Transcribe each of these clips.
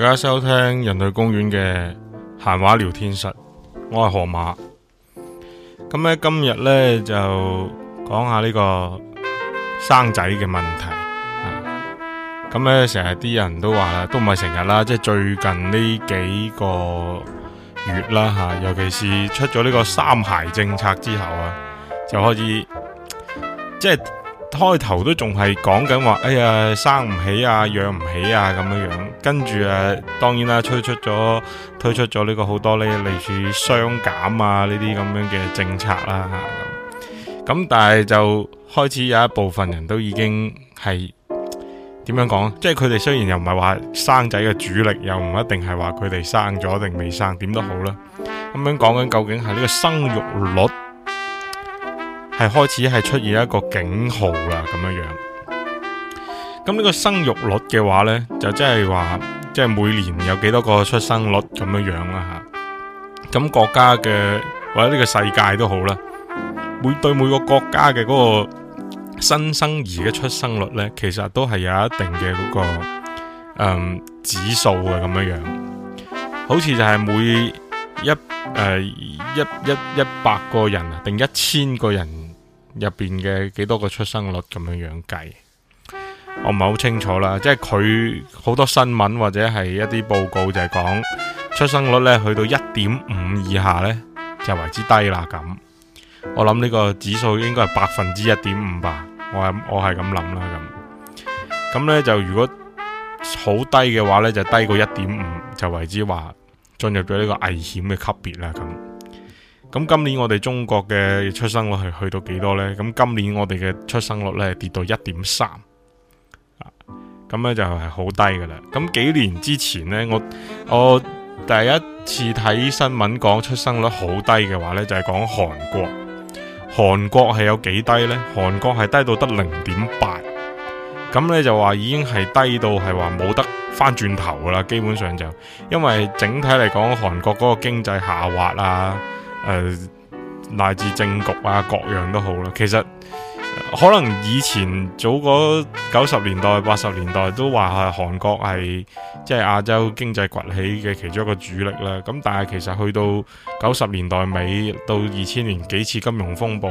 大家收聽人類公園嘅閒話聊天室，我係河馬。咁咧，今日咧就講下呢、這個生仔嘅問題。咁、啊、咧，成日啲人都話啦，都唔係成日啦，即、就、係、是、最近呢幾個月啦吓、啊，尤其是出咗呢個三孩政策之後啊，就開始即係開頭都仲係講緊話，哎呀，生唔起啊，養唔起啊，咁樣樣。跟住啊，當然啦，推出咗推出咗呢個好多呢類似雙減啊呢啲咁樣嘅政策啦，啊，咁，咁但係就開始有一部分人都已經係點樣講，即係佢哋雖然又唔係話生仔嘅主力，又唔一定係話佢哋生咗定未生，點都好啦。咁樣講緊究竟係呢個生育率係開始係出現一個警號啦，咁樣樣。咁呢個生育率嘅話呢，就即係話，即係每年有幾多個出生率咁樣樣啦吓。咁國家嘅或者呢個世界都好啦，每對每個國家嘅嗰個新生兒嘅出生率呢，其實都係有一定嘅嗰個嗯指數嘅咁樣樣。好似就係每一誒一一一百個人定一千個人入邊嘅幾多個出生率咁樣樣計。我唔係好清楚啦，即係佢好多新聞或者係一啲報告就係講出生率咧去到一點五以下呢，就為之低啦。咁我諗呢個指數應該係百分之一點五吧。我係我係咁諗啦。咁咁呢就如果好低嘅話呢，就低過一點五就為之話進入咗呢個危險嘅級別啦。咁咁今年我哋中國嘅出生率係去到幾多呢？咁今年我哋嘅出生率呢，跌到一點三。咁咧就係好低噶啦。咁幾年之前呢，我我第一次睇新聞講出生率好低嘅話呢就係、是、講韓國。韓國係有幾低呢？韓國係低到得零點八。咁呢就話已經係低到係話冇得翻轉頭噶啦。基本上就因為整體嚟講，韓國嗰個經濟下滑啊，誒、呃、乃至政局啊各樣都好啦。其實。可能以前早嗰九十年代、八十年代都話係韓國係即係亞洲經濟崛起嘅其中一個主力啦。咁但係其實去到九十年代尾到二千年幾次金融風暴，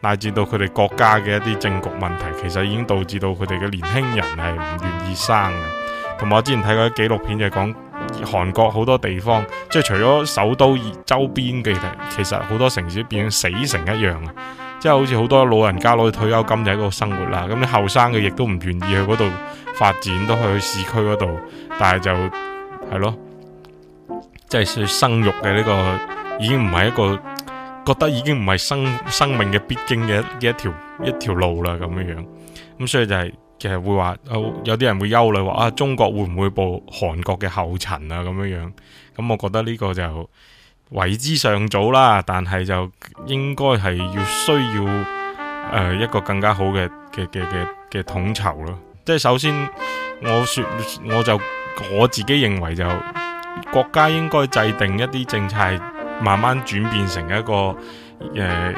乃至到佢哋國家嘅一啲政局問題，其實已經導致到佢哋嘅年輕人係唔願意生。同埋我之前睇過紀錄片就講韓國好多地方，即係除咗首都周邊嘅，其實好多城市變成死城一樣。即係好似好多老人家攞去退休金就喺嗰度生活啦，咁你後生嘅亦都唔願意去嗰度發展，都去去市區嗰度，但係就係咯，即係生育嘅呢個已經唔係一個覺得已經唔係生生命嘅必經嘅一條一條路啦咁樣樣，咁所以就係其實會話有啲人會憂慮話啊，中國會唔會步韓國嘅後塵啊咁樣樣，咁我覺得呢個就。為之尚早啦，但係就應該係要需要誒、呃、一個更加好嘅嘅嘅嘅嘅統籌咯。即係首先，我說我就我自己認為就國家應該制定一啲政策，慢慢轉變成一個誒、呃、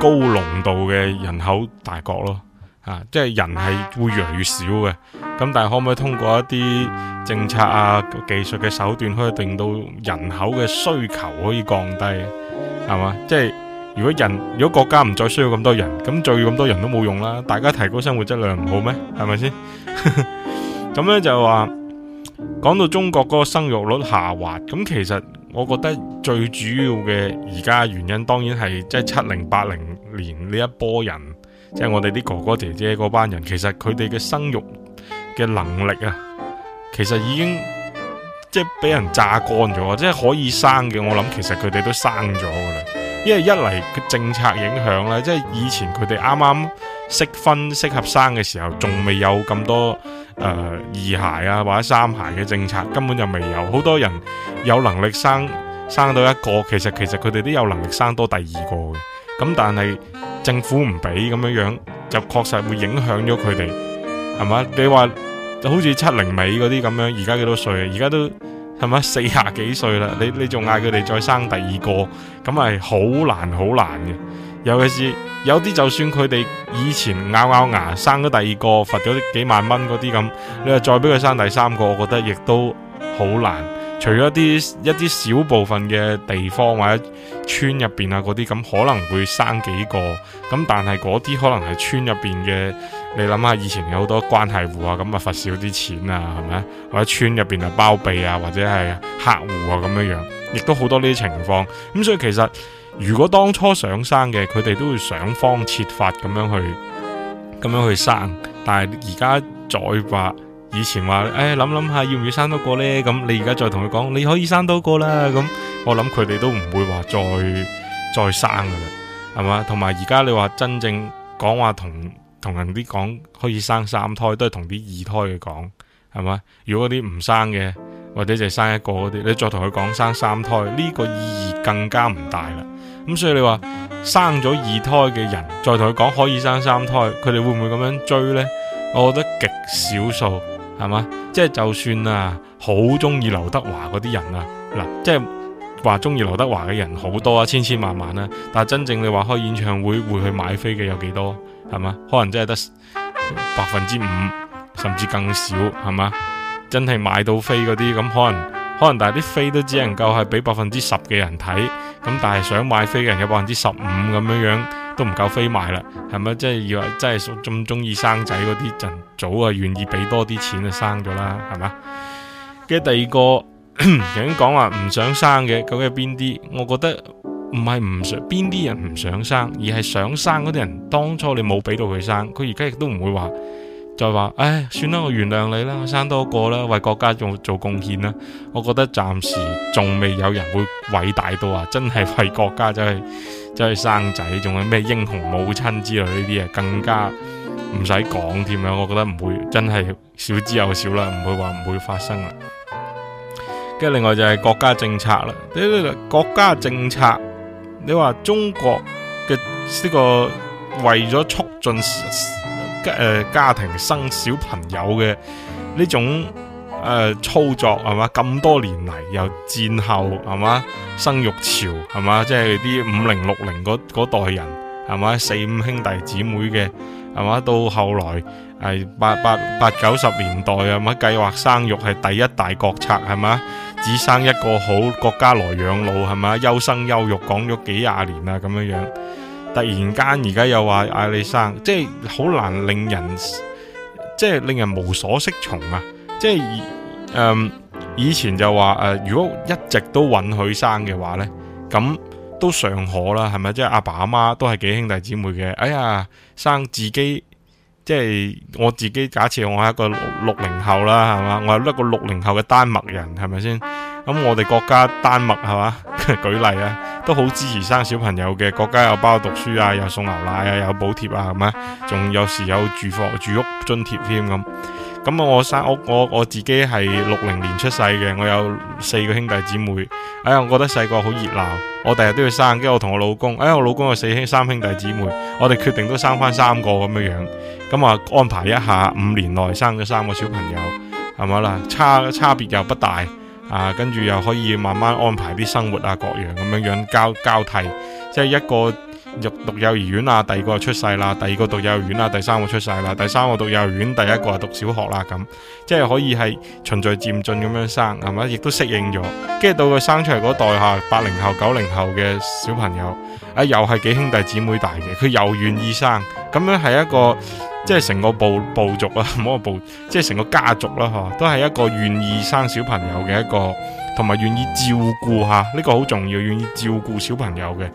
高濃度嘅人口大國咯。啊，即係人係會越嚟越少嘅，咁但係可唔可以通過一啲政策啊、技術嘅手段，可以令到人口嘅需求可以降低，係嘛？即係如果人如果國家唔再需要咁多人，咁再要咁多人都冇用啦，大家提高生活質量唔好咩？係咪先？咁 咧就話講到中國嗰個生育率下滑，咁其實我覺得最主要嘅而家原因，當然係即係七零八零年呢一波人。即係我哋啲哥哥姐姐嗰班人，其實佢哋嘅生育嘅能力啊，其實已經即係俾人榨乾咗，即係可以生嘅。我諗其實佢哋都生咗噶啦，因為一嚟個政策影響啦，即係以前佢哋啱啱適婚適合生嘅時候，仲未有咁多誒、呃、二孩啊或者三孩嘅政策，根本就未有。好多人有能力生生到一個，其實其實佢哋都有能力生多第二個嘅。咁但係政府唔俾咁樣樣，就確實會影響咗佢哋，係嘛？你話好似七零尾嗰啲咁樣，而家幾多歲？而家都係咪？四廿幾歲啦，你你仲嗌佢哋再生第二個，咁係好難好難嘅。尤其是有啲就算佢哋以前咬咬牙生咗第二個，罰咗幾萬蚊嗰啲咁，你話再俾佢生第三個，我覺得亦都好難。除咗啲一啲小部分嘅地方或者村入邊啊嗰啲咁，可能會生幾個咁，那但係嗰啲可能係村入邊嘅。你諗下以前有好多關係戶啊，咁啊罰少啲錢啊，係咪？或者村入邊啊包庇啊，或者係客戶啊咁樣樣，亦都好多呢啲情況。咁所以其實如果當初想生嘅，佢哋都會想方設法咁樣去，咁樣去生。但係而家再話。以前話誒諗諗下要唔要生多個呢？咁你而家再同佢講，你可以生多個啦，咁我諗佢哋都唔會話再再生噶啦，係嘛？同埋而家你話真正講話同同人啲講可以生三胎，都係同啲二胎嘅講，係嘛？如果啲唔生嘅或者就係生一個嗰啲，你再同佢講生三胎，呢個意義更加唔大啦。咁所以你話生咗二胎嘅人，再同佢講可以生三胎，佢哋會唔會咁樣追呢？我覺得極少數。係嘛？即係就算啊，好中意劉德華嗰啲人啊，嗱，即係話中意劉德華嘅人好多啊，千千萬萬啊。但係真正你話開演唱會會去買飛嘅有幾多？係嘛？可能真係得百分之五，甚至更少。係嘛？真係買到飛嗰啲咁，可能可能但係啲飛都只能夠係俾百分之十嘅人睇，咁但係想買飛嘅人有百分之十五咁樣樣。都唔夠飛埋啦，係咪？即係要真係咁中意生仔嗰啲就早啊願意俾多啲錢啊生咗啦，係嘛？跟住第二個，已經講話唔想生嘅究竟係邊啲？我覺得唔係唔想邊啲人唔想生，而係想生嗰啲人當初你冇俾到佢生，佢而家亦都唔會話再話，唉、哎，算啦，我原諒你啦，我生多個啦，為國家做做貢獻啦。我覺得暫時仲未有人會偉大到啊，真係為國家真係。即係生仔，仲有咩英雄母親之類呢啲啊，更加唔使講添啊！我覺得唔會真係少之又少啦，唔會話唔會發生啦。跟住另外就係國家政策啦，國家政策，你話中國嘅呢個為咗促進誒家庭生小朋友嘅呢種。誒，操作係嘛？咁多年嚟，又戰後係嘛？生育潮係嘛？即係啲五零六零嗰代人係嘛？四五兄弟姊妹嘅係嘛？到後來係、呃、八八八九十年代啊，係咪計劃生育係第一大國策係嘛？只生一個好國家來養老係嘛？優生優育講咗幾廿年啦，咁樣樣，突然間而家又話嗌你生，即係好難令人，即係令人無所適從啊！即係，嗯，以前就話誒、呃，如果一直都允許生嘅話呢，咁都尚可啦，係咪？即係阿爸阿媽都係幾兄弟姊妹嘅。哎呀，生自己，即係我自己假設我係一,一個六零後啦，係嘛？我係一個六零後嘅丹麥人，係咪先？咁我哋國家丹麥係嘛？舉例啊，都好支持生小朋友嘅，國家有包讀書啊，又送牛奶啊，有補貼啊，係咪？仲有時有住房住屋津貼添咁。這咁我生我我，我自己係六零年出世嘅，我有四個兄弟姊妹。哎呀，我覺得細個好熱鬧，我第日都要生，跟住我同我老公，哎，我老公有四兄三兄弟姊妹，我哋決定都生翻三個咁樣樣，咁啊安排一下五年內生咗三個小朋友，係咪啦？差差別又不大啊，跟住又可以慢慢安排啲生活啊各樣咁樣樣交交替，即係一個。入讀幼兒園啊，第二個出世啦，第二個讀幼兒園啊，第三個出世啦，第三個讀幼兒園，第一個係讀小學啦，咁即係可以係循序漸進咁樣生，係咪？亦都適應咗，跟住到佢生出嚟嗰代吓，八零後、九零後嘅小朋友，啊又係幾兄弟姊妹大嘅，佢又願意生，咁樣係一個即係成個部部族啊，唔好話部，即係成個家族啦、啊，都係一個願意生小朋友嘅一個，同埋願意照顧吓，呢、呢個好重要，願意照顧小朋友嘅。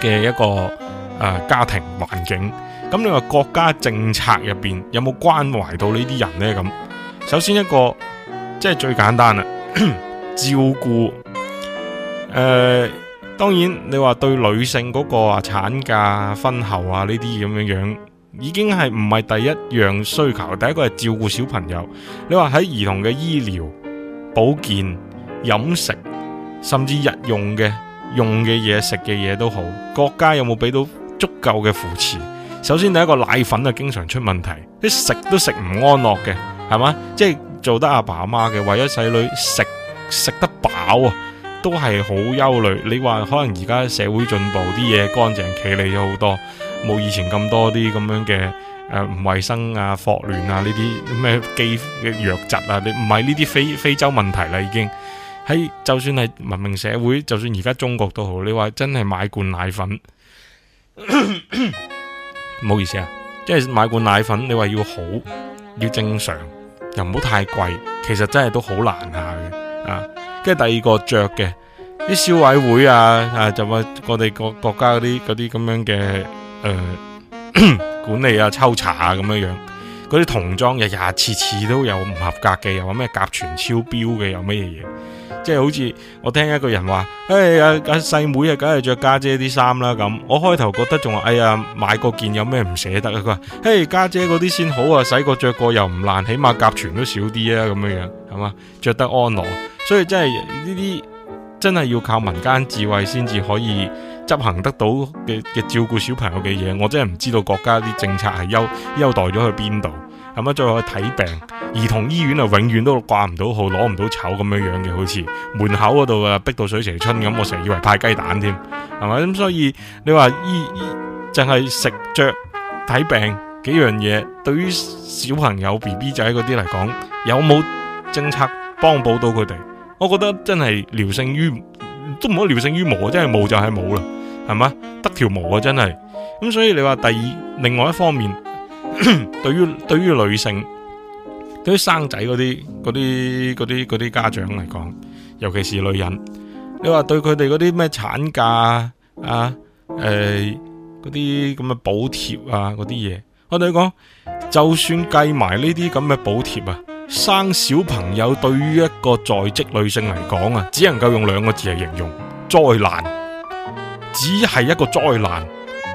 嘅一個誒、呃、家庭環境，咁你話國家政策入邊有冇關懷到呢啲人呢？咁首先一個即係最簡單啦，照顧誒、呃，當然你話對女性嗰個啊產假、婚後啊呢啲咁樣樣，已經係唔係第一樣需求，第一個係照顧小朋友。你話喺兒童嘅醫療、保健、飲食，甚至日用嘅。用嘅嘢、食嘅嘢都好，國家有冇俾到足夠嘅扶持？首先，第一個奶粉啊，經常出問題，你食都食唔安樂嘅，係嘛？即係做得阿爸阿媽嘅，為咗細女食食得飽啊，都係好憂慮。你話可能而家社會進步，啲嘢乾淨企理咗好多，冇以前咁多啲咁樣嘅誒唔衞生啊、霍亂啊呢啲咩基嘅藥疾啊，你唔係呢啲非非洲問題啦已經。喺就算係文明社會，就算而家中國都好，你話真係買罐奶粉，唔 好意思啊，即、就、係、是、買罐奶粉，你話要好，要正常，又唔好太貴，其實真係都好難下嘅啊。跟住第二個着嘅，啲消委會啊啊，就話我哋國國家嗰啲啲咁樣嘅誒、呃、 管理啊抽查啊咁樣樣，嗰啲童裝日日次次都有唔合格嘅，又話咩甲醛超標嘅，又咩嘢嘢。即係好似我聽一個人話，哎呀，細妹啊，梗係着家姐啲衫啦咁。我開頭覺得仲話，哎呀，買個件有咩唔捨得啊？佢話，嘿，家姐嗰啲先好啊，洗過着過又唔爛，起碼甲醛都少啲啊，咁樣樣係嘛，着得安樂。所以真係呢啲真係要靠民間智慧先至可以執行得到嘅嘅照顧小朋友嘅嘢，我真係唔知道國家啲政策係優優待咗去邊度。咁樣，再去睇病，兒童醫院啊，永遠都掛唔到號，攞唔到籌咁樣樣嘅，好似門口嗰度啊，逼到水蛇春咁，我成日以為派雞蛋添，係咪？咁所以你話醫醫淨係食、着、睇病幾樣嘢，對於小朋友 B B 仔嗰啲嚟講，有冇政策幫補到佢哋？我覺得真係聊勝於，都唔可聊勝於無，真係冇就係冇啦，係嘛？得條毛啊，真係。咁所以你話第二，另外一方面。 對於對於女性，對於生仔嗰啲啲啲啲家長嚟講，尤其是女人，你話對佢哋嗰啲咩產假啊、誒嗰啲咁嘅補貼啊嗰啲嘢，我同你講，就算計埋呢啲咁嘅補貼啊，生小朋友對於一個在職女性嚟講啊，只能夠用兩個字嚟形容：災難，只係一個災難。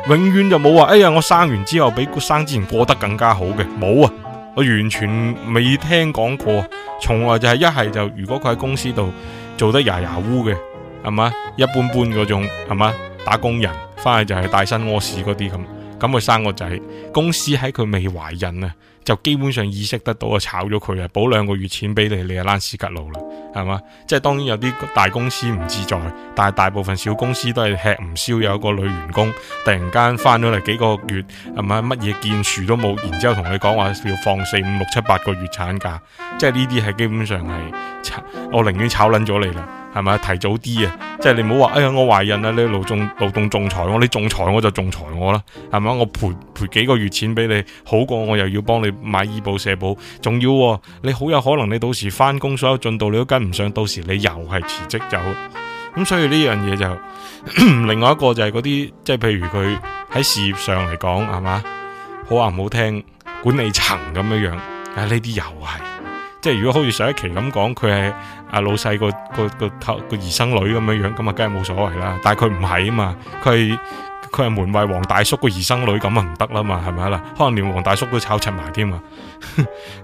永遠就冇話，哎呀，我生完之後比生之前過得更加好嘅？冇啊，我完全未聽講過，從來就係一係就如果佢喺公司度做得牙牙烏嘅，係嘛，一般般嗰種，係嘛，打工人，翻去就係帶薪屙屎嗰啲咁，咁佢生個仔，公司喺佢未懷孕啊。就基本上意識得到啊，就炒咗佢啊，補兩個月錢俾你，你就躝屍趌路啦，係嘛？即係當然有啲大公司唔自在，但係大部分小公司都係吃唔消，有一個女員工突然間翻咗嚟幾個月，係咪乜嘢建樹都冇？然之後同你講話要放四五六七八個月產假，即係呢啲係基本上係我寧願炒撚咗你啦。係咪提早啲啊！即係你唔好話，哎呀，我懷孕啦，你勞仲勞動仲裁我，你仲裁我就仲裁我啦，係咪我賠賠幾個月錢俾你，好過我又要幫你買醫保社保，仲要，啊、你好有可能你到時翻工所有進度你都跟唔上，到時你又係辭職走咁，所以呢樣嘢就另外一個就係嗰啲，即係譬如佢喺事業上嚟講，係嘛好話唔好聽，管理層咁樣樣，啊呢啲又係，即係如果好似上一期咁講，佢係。老細個個個頭個兒生女咁樣樣，咁啊梗係冇所謂啦。但係佢唔係啊嘛，佢係佢係門衛王大叔個兒生女咁啊唔得啦嘛，係咪啦？可能連王大叔都炒出埋添嘛。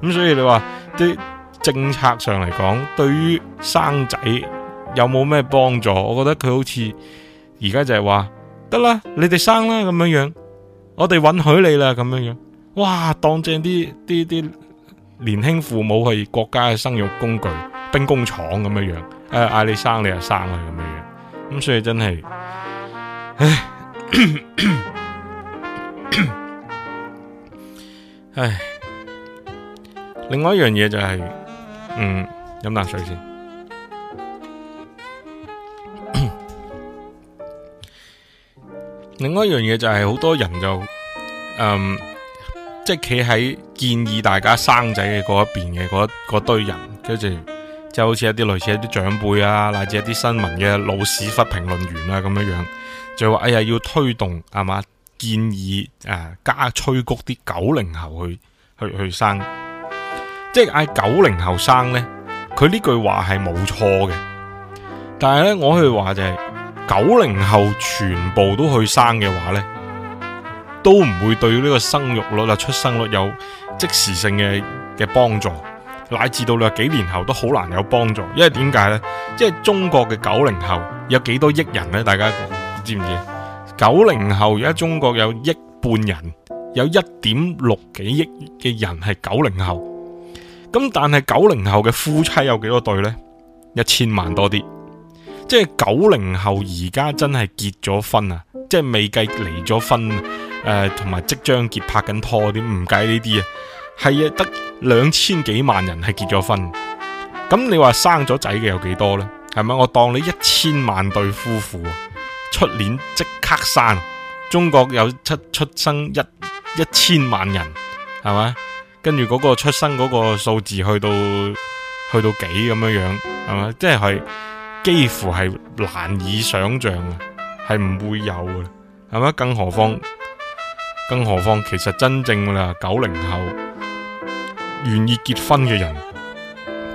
咁所以你話啲政策上嚟講，對於生仔有冇咩幫助？我覺得佢好似而家就係話得啦，你哋生啦咁樣樣，我哋允許你啦咁樣樣。哇，當正啲啲啲年輕父母係國家嘅生育工具。兵工廠咁樣樣，誒、呃，嗌，你生你又生啊，咁樣樣咁，所以真係，唉，唉，另外一樣嘢就係、是，嗯，飲啖水先。另外一樣嘢就係，好多人就，嗯，即係企喺建議大家生仔嘅嗰一邊嘅嗰堆人，跟住。即係好似一啲類似一啲長輩啊，乃至一啲新聞嘅老屎忽評論員啊咁樣樣，就話哎呀要推動，係嘛建議誒、啊、加催谷啲九零後去去去生，即係嗌九零後生呢，佢呢句話係冇錯嘅，但係呢，我去話就係九零後全部都去生嘅話呢，都唔會對呢個生育率啊出生率有即時性嘅嘅幫助。乃至到你話幾年後都好難有幫助，因為點解呢？即、就、係、是、中國嘅九零後有幾多億人呢？大家知唔知？九零後而家中國有億半人，有一點六幾億嘅人係九零後。咁但係九零後嘅夫妻有幾多對呢？一千萬多啲。就是就是呃、即係九零後而家真係結咗婚啊！即係未計離咗婚同埋即將結拍緊拖，點唔計呢啲啊！係啊，得兩千幾萬人係結咗婚，咁你話生咗仔嘅有幾多呢？係咪我當你一千萬對夫婦啊，出年即刻生？中國有出出生一一千萬人，係咪？跟住嗰個出生嗰個數字去到去到幾咁樣樣，係咪？即係幾乎係難以想象嘅，係唔會有嘅，係咪？更何況更何況其實真正啦，九零後。願意結婚嘅人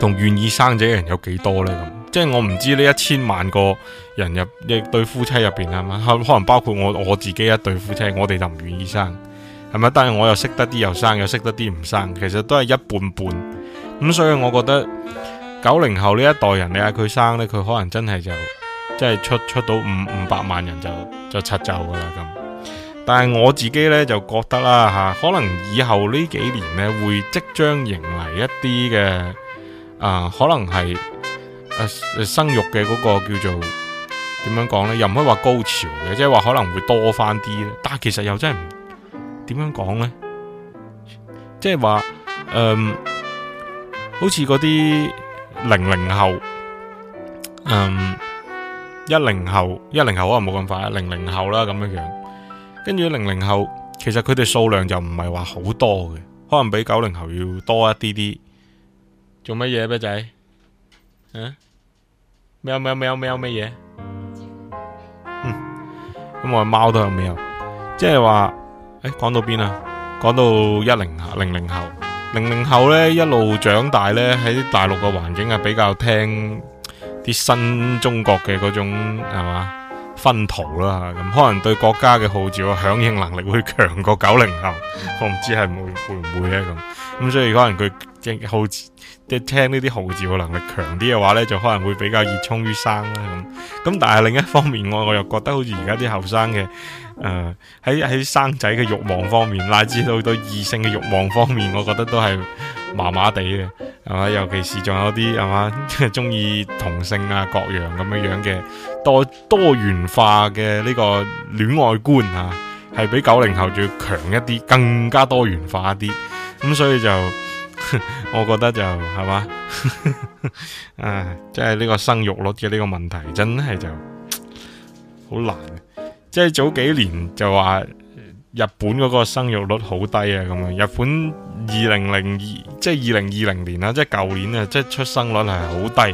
同願意生仔嘅人有幾多呢？咁即係我唔知呢一千萬個人入一對夫妻入邊，係咪？可能包括我我自己一對夫妻，我哋就唔願意生，係咪？但係我又識得啲又生，又識得啲唔生，其實都係一半半咁。所以我覺得九零後呢一代人，你嗌佢生呢，佢可能真係就即係出出到五五百萬人就就七走噶啦咁。但係我自己咧就覺得啦吓，可能以後呢幾年咧會即將迎嚟一啲嘅啊，可能係誒、呃、生育嘅嗰個叫做點樣講咧，又唔可以話高潮嘅，即係話可能會多翻啲咧。但係其實又真係唔點樣講咧，即係話嗯，好似嗰啲零零後嗯一零後一零後可能冇咁快，零零後啦咁樣樣。跟住零零後，其實佢哋數量就唔係話好多嘅，可能比九零後要多一啲啲。做乜嘢，貓仔？啊？喵喵喵喵乜嘢？嗯，咁我貓都有喵。即係話，誒、欸，講到邊啊？講到一零零零後，零零後呢，一路長大呢，喺大陸嘅環境係比較聽啲新中國嘅嗰種係嘛？分途啦，咁、嗯、可能對國家嘅號召響應能力會強過九零後，我唔知係會唔會、會呢？咁。咁、嗯、所以可能佢即即係聽呢啲號召嘅能力強啲嘅話呢，就可能會比較熱衷於生啦咁。咁、嗯、但係另一方面我我又覺得好似而家啲後生嘅。誒、呃，喺喺生仔嘅欲望方面，乃至到對異性嘅欲望方面，我覺得都係麻麻地嘅，係嘛？尤其是仲有啲係嘛，中意同性啊，各樣咁樣樣嘅多多元化嘅呢個戀愛觀啊，係比九零後仲要強一啲，更加多元化一啲。咁所以就，我覺得就係嘛，啊，即係呢個生育率嘅呢個問題，真係就好難。即係早幾年就話日本嗰個生育率好低啊，咁樣日本二零零二即係二零二零年啊，即係舊年啊，即係出生率係好低，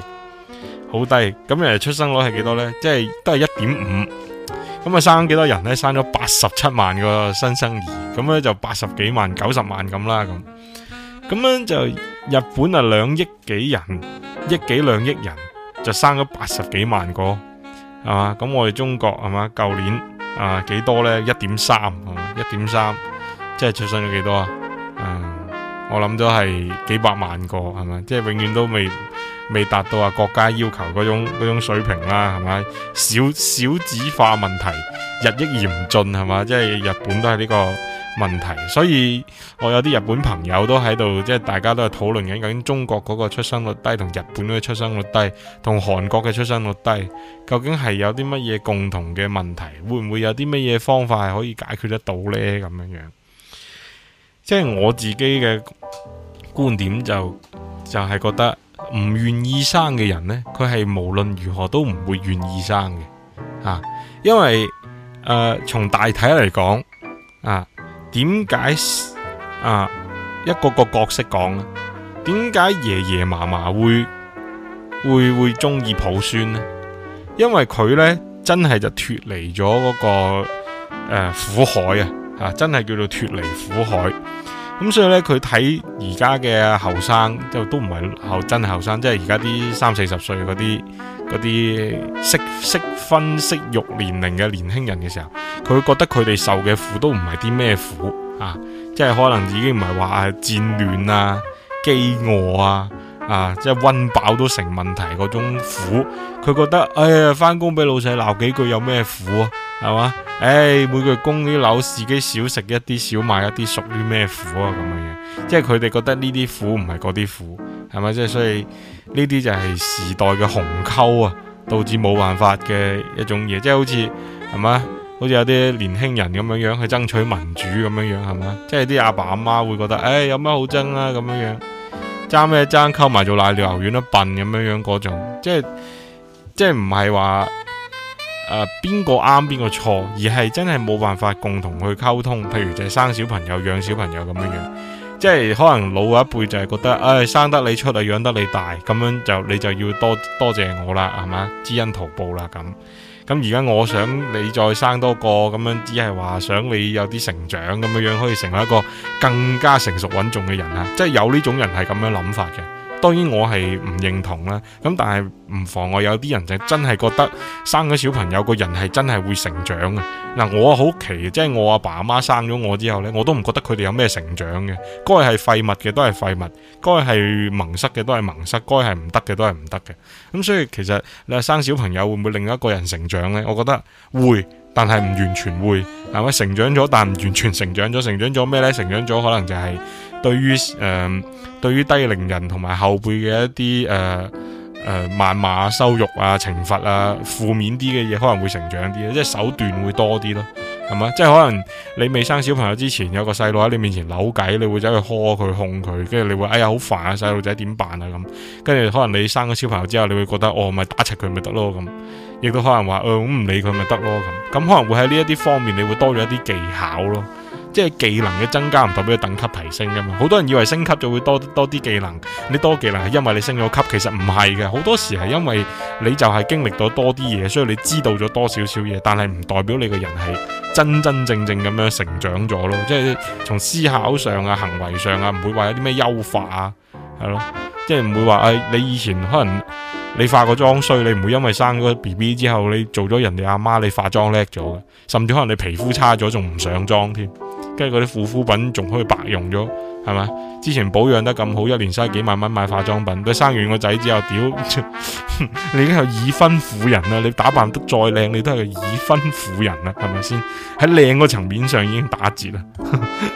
好低。咁誒，出生率係幾多呢？即係都係一點五。咁啊，生幾多人呢？生咗八十七萬個新生兒，咁咧就八十幾萬、九十萬咁啦，咁。咁樣就日本啊，兩億幾人，億幾兩億人就生咗八十幾萬個。係嘛？咁我哋中國係嘛？舊年啊、呃、幾多呢？一點三係嘛？一點三，即係出生咗幾多啊、嗯？我諗都係幾百萬個係嘛？即係永遠都未未達到啊國家要求嗰種、嗰種水平啦係嘛？少少子化問題日益嚴峻係嘛？即係日本都係呢、這個問題，所以我有啲日本朋友都喺度，即係大家都係討論緊，究竟中國嗰個出生率低同日本嘅出生率低，同韓國嘅出生率低，究竟係有啲乜嘢共同嘅問題？會唔會有啲乜嘢方法係可以解決得到呢？咁樣樣，即係我自己嘅觀點就就係覺得，唔願意生嘅人呢，佢係無論如何都唔會願意生嘅啊，因為誒從大體嚟講啊。點解啊，一個個角色講，那個呃、啊？點解爺爺嫲嫲會會會中意抱孫呢？因為佢呢真係就脫離咗嗰個誒苦海啊！吓，真係叫做脫離苦海。咁所以呢，佢睇而家嘅後生就都唔係後真係後生，即係而家啲三四十歲嗰啲。嗰啲適適婚適育年齡嘅年輕人嘅時候，佢會覺得佢哋受嘅苦都唔係啲咩苦啊！即係可能已經唔係話戰亂啊、飢餓啊、啊即係温飽都成問題嗰種苦，佢覺得哎呀翻工俾老細鬧幾句有咩苦啊？係嘛？誒、哎、每個月供啲樓自己少食一啲少買一啲屬於咩苦啊？咁嘅即係佢哋覺得呢啲苦唔係嗰啲苦，係咪？即係所以。呢啲就係時代嘅鴻溝啊，導致冇辦法嘅一種嘢，即係好似係嘛，好似有啲年輕人咁樣樣去爭取民主咁樣樣係嘛，即係啲阿爸阿媽，媽會覺得，唉、欸，有咩好爭啊咁樣樣，爭咩爭溝埋做奶尿牛丸都笨咁樣樣嗰種，即係即係唔係話誒邊個啱邊個錯，而係真係冇辦法共同去溝通，譬如就係生小朋友、養小朋友咁樣樣。即係可能老一輩就係覺得，唉、哎，生得你出嚟，養得你大，咁樣就你就要多多謝我啦，係嘛，知恩圖報啦，咁咁而家我想你再生多個，咁樣只係話想你有啲成長，咁樣樣可以成為一個更加成熟穩重嘅人啊！即係有呢種人係咁樣諗法嘅。當然我係唔認同啦，咁但係唔妨礙有啲人就真係覺得生咗小朋友個人係真係會成長嘅。嗱，我好奇即係我阿爸阿媽生咗我之後呢，我都唔覺得佢哋有咩成長嘅。該係廢物嘅都係廢物，該係蒙塞嘅都係蒙塞，該係唔得嘅都係唔得嘅。咁所以其實你話生小朋友會唔會令一個人成長呢？我覺得會，但係唔完全會係咪？成長咗，但唔完全成長咗。成長咗咩呢？成長咗可能就係。對於誒、呃，對於低齡人同埋後輩嘅一啲誒誒，謾罵啊、呃呃、羞辱啊、懲罰啊、負面啲嘅嘢，可能會成長啲，即係手段會多啲咯，係嘛？即係可能你未生小朋友之前，有個細路喺你面前扭計，你會走去呵佢、控佢，跟住你會哎呀好煩啊，細路仔點辦啊咁，跟住可能你生咗小朋友之後，你會覺得哦，咪打柒佢咪得咯咁，亦都可能話誒，咁唔理佢咪得咯咁，咁可能會喺呢一啲方面你會多咗一啲技巧咯。即係技能嘅增加唔代表等級提升噶嘛，好多人以為升級就會多多啲技能，你多技能係因為你升咗級，其實唔係嘅，好多時係因為你就係經歷咗多啲嘢，所以你知道咗多少少嘢，但係唔代表你個人係真真正正咁樣成長咗咯，即係從思考上啊、行為上啊，唔會話有啲咩優化啊，係咯，即係唔會話誒、哎，你以前可能你化個妝衰，你唔會因為生咗 B B 之後你做咗人哋阿媽，你化妝叻咗嘅，甚至可能你皮膚差咗仲唔上妝添。跟住嗰啲護膚品仲可以白用咗，係嘛？之前保養得咁好，一年使幾萬蚊買化妝品，到生完個仔之後屌， 你已經係已婚婦人啦！你打扮得再靚，你都係個已婚婦人啦，係咪先？喺靚個層面上已經打折啦。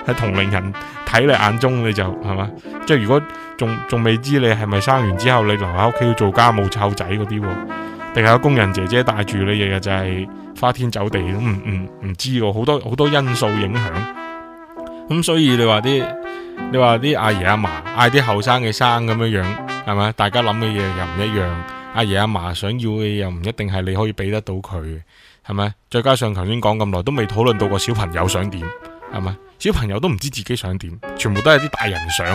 喺同齡人睇你眼中，你就係嘛？即係如果仲仲未知你係咪生完之後，你留喺屋企要做家務湊仔嗰啲，定係工人姐姐帶住你日日就係花天酒地咁？唔唔唔知喎、哦，好多好多因素影響。咁所以你話啲你話啲阿爺阿嫲，嗌啲後生嘅生咁樣樣係咪？大家諗嘅嘢又唔一樣。阿爺阿嫲想要嘅嘢又唔一定係你可以俾得到佢，係咪？再加上頭先講咁耐都未討論到個小朋友想點，係咪？小朋友都唔知自己想點，全部都係啲大人想。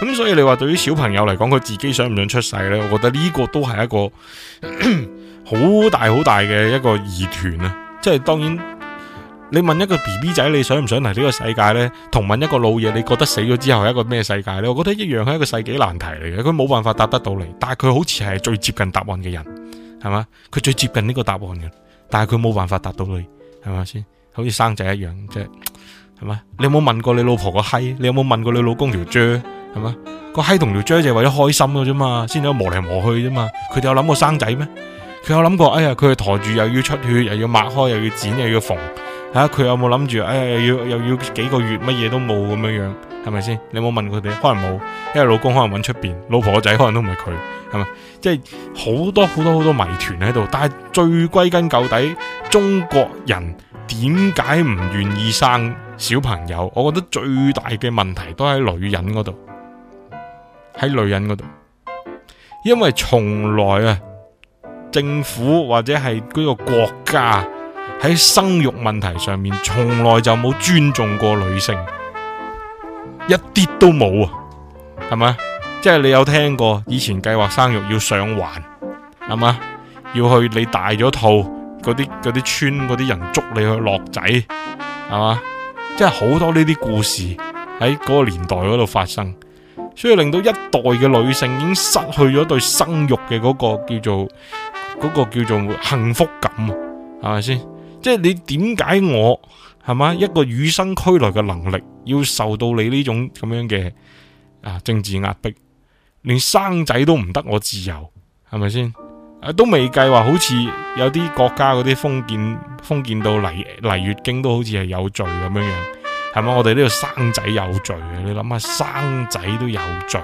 咁所以你話對於小朋友嚟講，佢自己想唔想出世呢？我覺得呢個都係一個好大好大嘅一個疑團啊！即係當然。你問一個 B B 仔你想唔想嚟呢個世界呢？同問一個老嘢，你覺得死咗之後係一個咩世界呢？我覺得一樣係一個世紀難題嚟嘅，佢冇辦法答得到你，但係佢好似係最接近答案嘅人，係嘛？佢最接近呢個答案嘅，但係佢冇辦法答到你，係咪先？好似生仔一樣，即係係嘛？你有冇問過你老婆個閪？你有冇問過你老公條蕉？係嘛？個閪同條蕉就係為咗開心嘅啫嘛，先至磨嚟磨去啫嘛。佢哋有諗過生仔咩？佢有諗過？哎呀，佢係陀住又要出血，又要抹開，又要剪，又要縫。吓、啊、佢有冇諗住？唉、哎，又要又要幾個月，乜嘢都冇咁樣樣，係咪先？你冇問佢哋，可能冇，因為老公可能搵出邊，老婆仔可能都唔係佢，係咪？即係好多好多好多謎團喺度，但係最歸根究底，中國人點解唔願意生小朋友？我覺得最大嘅問題都喺女人嗰度，喺女人嗰度，因為從來啊，政府或者係嗰個國家。喺生育問題上面，從來就冇尊重過女性，一啲都冇啊，係咪？即係你有聽過以前計劃生育要上環，係嘛？要去你大咗肚嗰啲啲村嗰啲人捉你去落仔，係嘛？即係好多呢啲故事喺嗰個年代嗰度發生，所以令到一代嘅女性已經失去咗對生育嘅嗰個叫做嗰個叫做幸福感，係咪先？即係你點解，我係嘛，一個與生俱來嘅能力要受到你呢種咁樣嘅啊政治壓迫，連生仔都唔得我自由，係咪先？啊，都未計話，好似有啲國家嗰啲封建封建到嚟，嚟月經都好似係有罪咁樣樣，係咪？我哋呢度生仔有罪，你諗下生仔都有罪。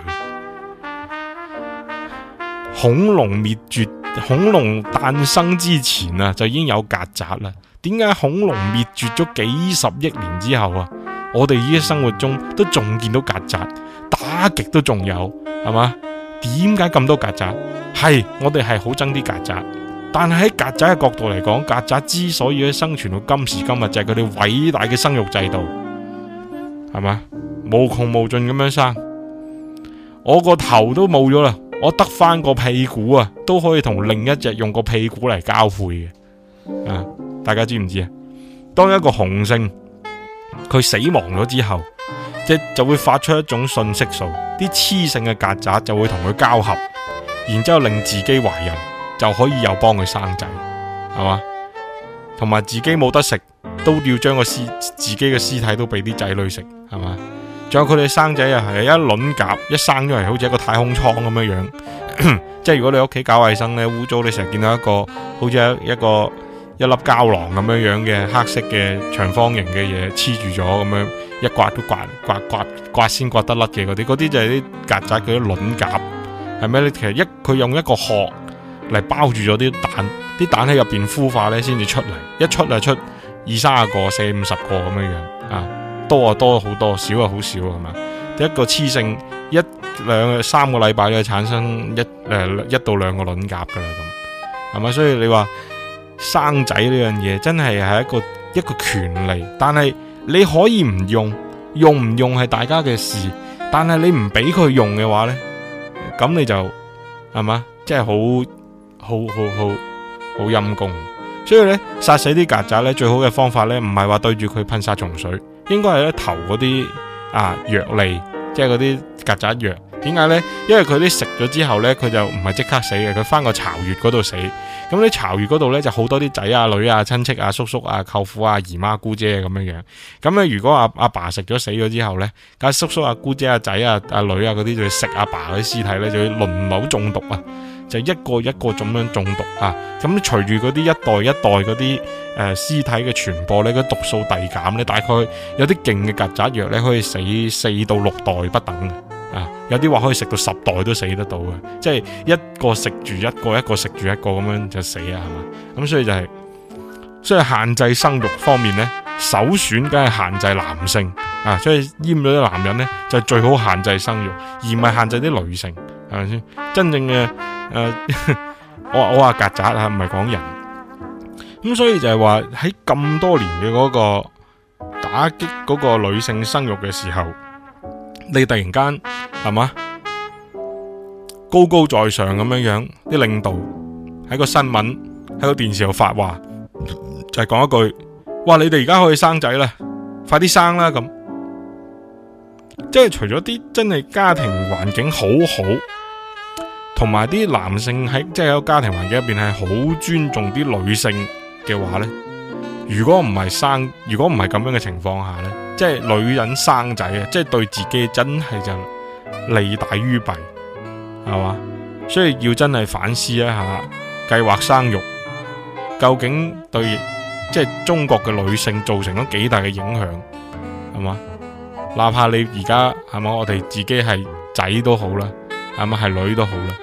恐龍滅絕，恐龍誕生之前啊，就已經有曱甴啦。點解恐龍滅絕咗幾十億年之後啊，我哋依家生活中都仲見到曱甴，打極都仲有，係嘛？點解咁多曱甴？係我哋係好憎啲曱甴，但係喺曱甴嘅角度嚟講，曱甴之所以喺生存到今時今日，就係佢哋偉大嘅生育制度，係嘛？無窮無盡咁樣生，我個頭都冇咗啦，我得翻個屁股啊，都可以同另一隻用個屁股嚟交配嘅，啊！大家知唔知啊？當一個雄性佢死亡咗之後，即就會發出一種信息素，啲雌性嘅曱甴就會同佢交合，然之後令自己懷孕，就可以又幫佢生仔，係嘛？同埋自己冇得食，都要將個屍自己嘅屍體都俾啲仔女食，係嘛？仲有佢哋生仔又係一卵夾，一生咗嚟好似一個太空艙咁樣樣。即係如果你屋企搞衛生呢，污糟你成日見到一個好似一個。一個一粒膠囊咁樣樣嘅黑色嘅長方形嘅嘢黐住咗，咁樣一刮都刮刮刮刮先刮，刮得甩嘅嗰啲，嗰啲就係啲曱甴嗰啲卵夾，係咩咧？其實一佢用一個殼嚟包住咗啲蛋，啲蛋喺入邊孵化咧先至出嚟，一出啊出二三十個、四五十個咁樣樣啊，多啊多好多，少啊好少係嘛？一個雌性一兩三個禮拜咧產生一誒、呃、一到兩個卵夾噶啦咁，係咪？所以你話。生仔呢樣嘢真係係一個一個權利，但係你可以唔用，用唔用係大家嘅事。但係你唔俾佢用嘅話呢，咁你就係嘛，即係好好好好好陰功。所以呢，殺死啲曱甴呢最好嘅方法呢，唔係話對住佢噴殺蟲水，應該係咧投嗰啲啊藥嚟，即係嗰啲曱甴藥。點解呢？因為佢啲食咗之後呢，佢就唔係即刻死嘅，佢翻個巢穴嗰度死。咁喺巢穴嗰度咧就好多啲仔啊、女啊、親戚啊、叔叔啊、舅父啊、姨媽、啊、姑姐咁樣樣。咁咧如果阿、啊、阿爸食咗死咗之後咧，阿叔叔啊、姑姐啊、仔啊、阿女啊嗰啲就要食阿爸嗰啲屍體咧，就要輪流中毒啊。就一個一個咁樣中毒啊。咁隨住嗰啲一代一代嗰啲誒屍體嘅傳播咧，嗰毒素遞減咧，大概有啲勁嘅曱甴藥咧，可以死四到六代不等。有啲話可以食到十代都死得到嘅，即係一個食住一個，一個食住一個咁樣就死啊，係嘛？咁所以就係，所以限制生育方面呢，首選梗係限制男性啊，所以閹咗啲男人呢，就最好限制生育，而唔係限制啲女性，係咪先？真正嘅誒、啊， 我我話曱甴吓，唔係講人。咁所以就係話喺咁多年嘅嗰個打擊嗰個女性生育嘅時候。你突然間係嘛？高高在上咁樣樣，啲領導喺個新聞喺個電視度發話，就係講一句：哇！你哋而家可以生仔啦，快啲生啦咁。即係除咗啲真係家庭環境好好，同埋啲男性喺即係喺個家庭環境入邊係好尊重啲女性嘅話呢，如果唔係生，如果唔係咁樣嘅情況下呢。即係女人生仔啊！即係對自己真係就是利大於弊，係嘛？所以要真係反思一下，計劃生育究竟對即係中國嘅女性造成咗幾大嘅影響，係嘛？哪怕你而家係嘛，我哋自己係仔都好啦，係咪？係女都好啦，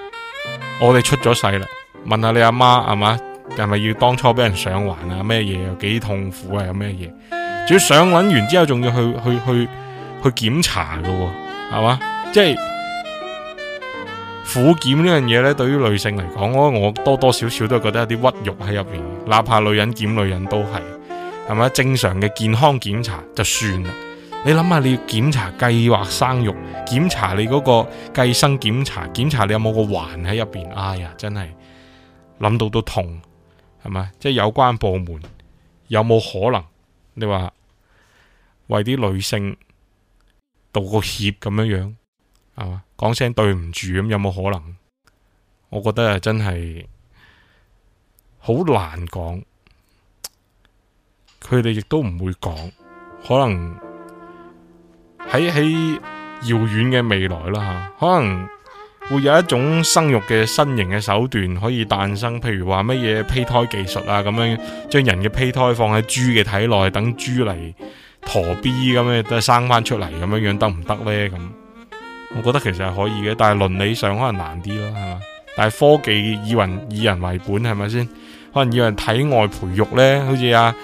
我哋出咗世啦，問下你阿媽係嘛？係咪要當初俾人上環啊？咩嘢又幾痛苦啊？有咩嘢？主要上揾完之後，仲要去去去去檢查嘅，係嘛？即係苦檢呢樣嘢呢，對於女性嚟講，我多多少少都係覺得有啲屈辱喺入邊，哪怕女人檢女人都係，係咪？正常嘅健康檢查就算啦，你諗下你要檢查計劃生育，檢查你嗰個計生檢查，檢查你有冇個環喺入邊，哎呀，真係諗到都痛，係咪？即係有關部門有冇可能？你話？為啲女性道個歉咁樣樣，係嘛，講聲對唔住咁，有冇可能？我覺得啊，真係好難講。佢哋亦都唔會講，可能喺喺遙遠嘅未來啦吓，可能會有一種生育嘅新型嘅手段可以誕生，譬如話乜嘢胚胎技術啊，咁樣將人嘅胚胎放喺豬嘅體內，等豬嚟。陀 B 咁樣都生翻出嚟，咁樣樣得唔得呢？咁我覺得其實係可以嘅，但係倫理上可能難啲啦，係嘛？但係科技以人以人為本，係咪先？可能以人體外培育呢，好似阿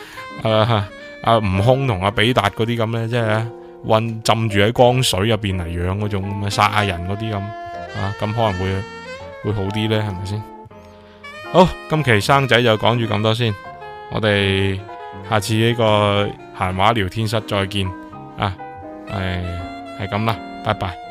阿阿悟空同阿比達嗰啲咁呢，即係混浸住喺江水入邊嚟養嗰種咁嘅殺人嗰啲咁啊，咁可能會會好啲呢，係咪先？好，今期生仔就講住咁多先，我哋下次呢個。閒話聊天室再見啊，係係咁啦，拜拜。